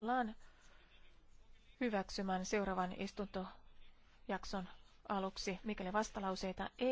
tullaan hyväksymään seuraavan istuntojakson aluksi, mikäli vastalauseita ei